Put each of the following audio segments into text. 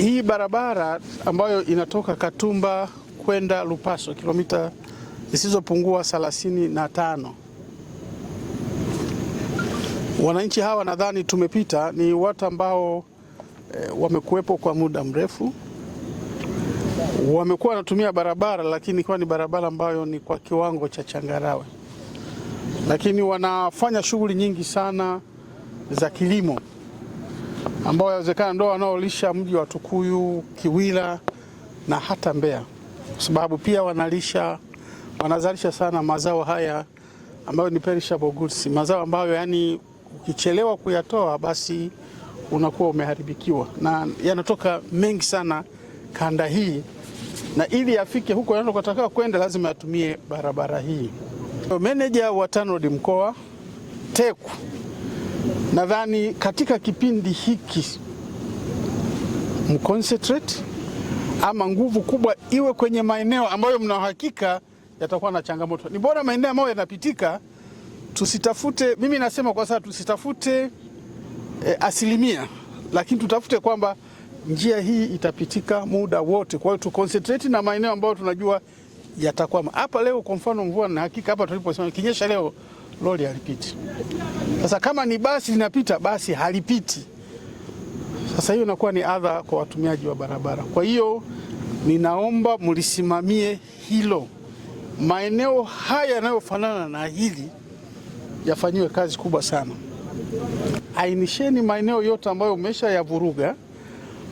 Hii barabara ambayo inatoka Katumba kwenda Lupaso kilomita zisizopungua 35. Wananchi hawa nadhani tumepita ni watu ambao e, wamekuwepo kwa muda mrefu, wamekuwa wanatumia barabara lakini kwa ni barabara ambayo ni kwa kiwango cha changarawe, lakini wanafanya shughuli nyingi sana za kilimo ambao yawezekana ndio wanaolisha mji wa Tukuyu, Kiwira na hata Mbeya, kwa sababu pia wanalisha wanazalisha sana mazao haya ambayo ni perishable goods, mazao ambayo yani ukichelewa kuyatoa basi unakuwa umeharibikiwa, na yanatoka mengi sana kanda hii, na ili yafike huko yanataka kwenda lazima yatumie barabara hii. Meneja wa TANROADS mkoa teku Nadhani katika kipindi hiki mconcentrate ama nguvu kubwa iwe kwenye maeneo ambayo mna uhakika yatakuwa na changamoto. Ni bora maeneo ambayo yanapitika, tusitafute, mimi nasema kwa sasa tusitafute e, asilimia, lakini tutafute kwamba njia hii itapitika muda wote. Kwa hiyo tu concentrate na maeneo ambayo tunajua yatakwama. Hapa leo kwa mfano mvua na hakika hapa tuliposema kinyesha leo lori halipiti. Sasa kama ni basi linapita, basi halipiti. Sasa hiyo inakuwa ni adha kwa watumiaji wa barabara. Kwa hiyo ninaomba mlisimamie hilo, maeneo haya yanayofanana na hili yafanyiwe kazi kubwa sana. Ainisheni maeneo yote ambayo umesha yavuruga,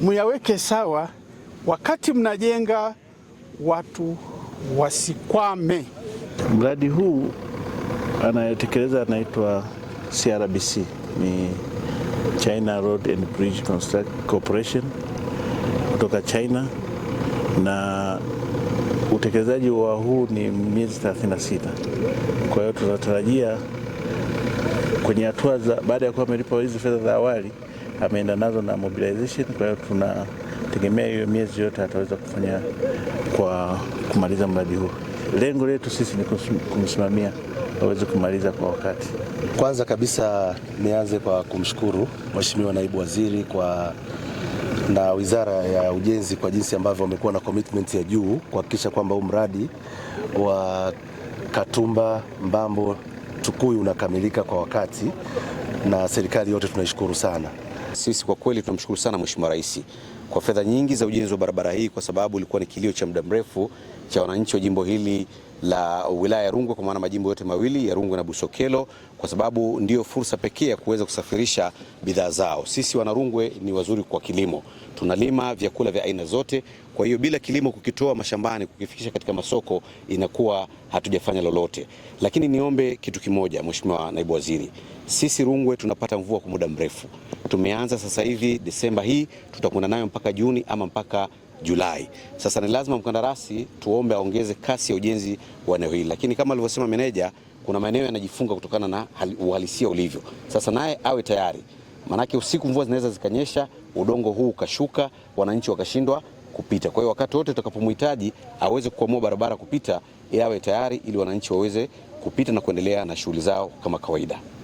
muyaweke sawa. Wakati mnajenga, watu wasikwame. Mradi huu anayetekeleza anaitwa CRBC, ni China Road and Bridge Corporation kutoka China, na utekelezaji wa huu ni miezi 36. Kwa hiyo tunatarajia kwenye hatua za baada ya kuwa amelipa hizi fedha za awali, ameenda nazo na mobilization. Kwa hiyo tunategemea hiyo miezi yote ataweza kufanya kwa kumaliza mradi huu. Lengo letu sisi ni kumsimamia waweze kumaliza kwa wakati. Kwanza kabisa nianze kwa kumshukuru Mheshimiwa Naibu Waziri kwa na Wizara ya Ujenzi kwa jinsi ambavyo wamekuwa na commitment ya juu kuhakikisha kwamba huu mradi wa Katumba Mbambo Tukuyu unakamilika kwa wakati, na serikali yote tunaishukuru sana. Sisi kwa kweli tunamshukuru sana Mheshimiwa Rais kwa fedha nyingi za ujenzi wa barabara hii, kwa sababu ilikuwa ni kilio cha muda mrefu cha wananchi wa jimbo hili la wilaya ya Rungwe kwa maana majimbo yote mawili ya Rungwe na Busokelo, kwa sababu ndiyo fursa pekee ya kuweza kusafirisha bidhaa zao. Sisi Wanarungwe ni wazuri kwa kilimo, tunalima vyakula vya aina zote. Kwa hiyo bila kilimo kukitoa mashambani kukifikisha katika masoko inakuwa hatujafanya lolote. Lakini niombe kitu kimoja, Mheshimiwa Naibu Waziri, sisi Rungwe tunapata mvua kwa muda mrefu. Tumeanza sasa hivi Desemba hii, tutakwenda nayo mpaka Juni ama mpaka Julai. Sasa ni lazima mkandarasi tuombe aongeze kasi ya ujenzi wa eneo hili, lakini kama alivyosema meneja, kuna maeneo yanajifunga kutokana na uhalisia ulivyo. Sasa naye awe tayari, maanake usiku mvua zinaweza zikanyesha, udongo huu ukashuka, wananchi wakashindwa kupita. Kwa hiyo wakati wote tutakapomhitaji aweze kuamua barabara kupita, yawe awe tayari, ili wananchi waweze kupita na kuendelea na shughuli zao kama kawaida.